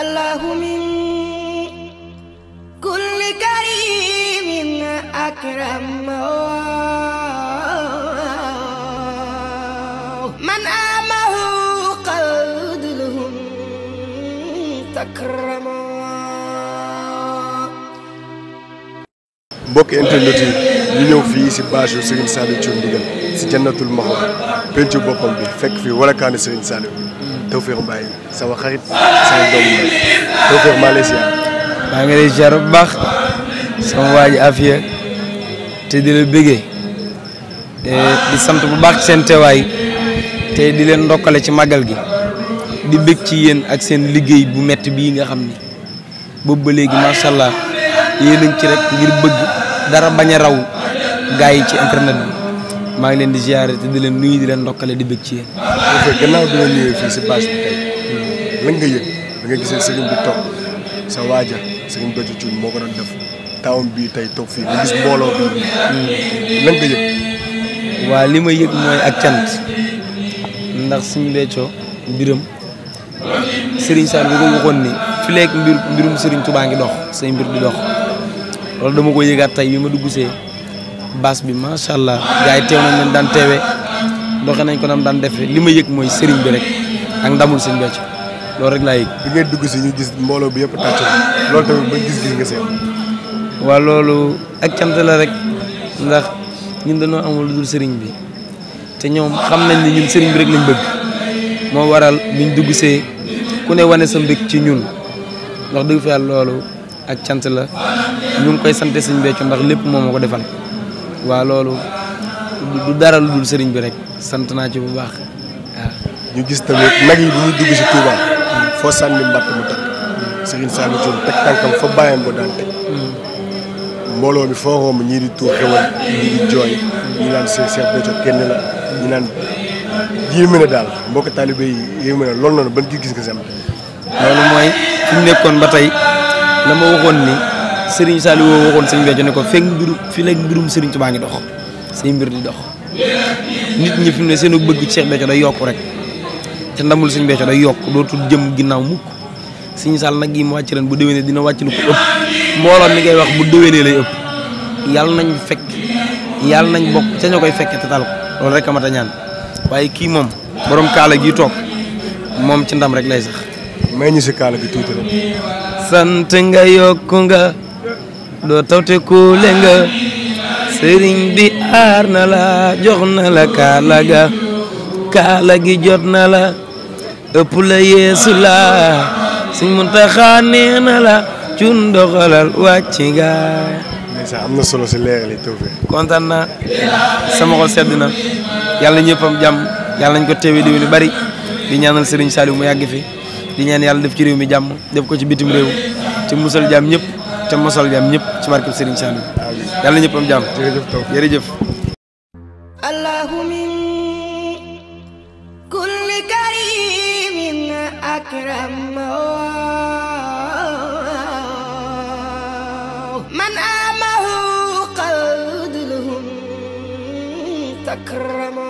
الله من كل كريم أكرم من آمه قلد لهم تكرم mbokk internet yi ñu ñëw si bâche Serigne Saliou Thioune ndigal si jannatul maxwa pencu boppam bi fekk fii walakaanu Serigne Saliou Tawfekh Mbaye sama maa ngi lay bu baax sama waa te di la bëggee di sant bu baax ci seen teewaay te di leen ndokkale ci màggal gi di bëgg ci yéen ak seen liggéey bu metti bii nga xam ni boobu ba léegi macha allah yéen ci rek ngir bëgg dara bañ a raw gars yi ci internet bi maa ngi leen di ziare te di leen nuyu di leen ndokkale di bëgg ci yéen. bu fekkee gannaaw bi nga ñëwee si bâche bi tey nga yëg da nga gisee sëriñ bi toog sa waaja sëriñ Béthio Thioune moo ko doon def taawam bii tey toog fii nga gis mbooloo bi lan nga li ma yëg mooy ak cant ndax suñu Béthio mbiram Serigne Sall bi ko waxoon ni fi léegi mbir mbirum Serigne Touba ngi dox say mbir di dox loolu dama ko yëgaat tey bi ma dugg see baas bi macha allah gars yi teew nañ leen daan teewe doxe nañ ko nam daan defee li ma yëg mooy sëriñ bi rek ak ndamul sëñ becc loolu rek laa yëg. bi ngay si ñu gis mbooloo bi yëpp tàcc loolu tamit ba waaw loolu ak cant la rek ndax ñun dañoo amul lu dul bi te ñoom xam nañ ni rek lañ bëgg moo waral biñ dugg ku ne wane sa mbëgg ci ñun ndax dëgg fa yàlla loolu ak cant la ñu ngi koy sante sëñ becc ndax lépp moom moo ko defal. waa loolu du dara lu dul sëriñ bi rek sant naa ci bu baax ñu gis tamit nag yi bu ñu dugg si Touba. foo sànni mbatt mu teg. Serigne Saliou Thioune teg tànkam fa bàyyam ba daan teg. mbooloo mi foo xoom ñii di tuur xewal ñii naan seen seet bécco kenn la ñi naan yéeme na daal mbokk taalibe yi yéeme na loolu noonu ban gis-gis nga si am loolu mooy fi ñu nekkoon ba tey la ma waxoon ni Serigne Saliou waxoon sëñ Béthio ne ko fekk mbirum fi nekk mbirum Serigne Touba ngi dox say mbir di dox nit ñi fi mu ne seenu bëgg Cheikh Béthio day yokk rek te ndamul sëñ Béthio day yokk dootul jëm ginnaaw mukk sëñ Sall nag yi mu wàcc ren bu déwénee dina wàcc lu ko ëpp mbooloo mi ngay wax bu déwénee lay ëpp yàlla nañ fekk yàlla nañ bokk ca ñoo koy fekk te tal ko loolu rek a mat a ñaan waaye kii moom borom kaala gi toog moom ci ndam rek lay sax may ñu si kaala gi tuuti rek sant nga yokku nga doo tawte kuule nga sëriñ bi aar na la jox na la kaala ga kaala gi jot na la ëpp la yeesu la suñ muntaxa nee na la cun doxalal wàcc nga ndeysaan am na solo si leeral yi tawfe kontaan naa sama na yàlla ñëppam jàmm yàlla nañ ko teewee di lu bari di ñaanal sëriñ Saliou mu yàgg fi di ñaan yàlla def ci réew mi jàmm def ko ci bitim réew te musal jaam ñëpp te mosal jaam ñëpp ci barkeb Serigne Saliou yàlla ñëpp am jaam jërëjëf taw jërëjëf allahu min kulli karimin akram أكرم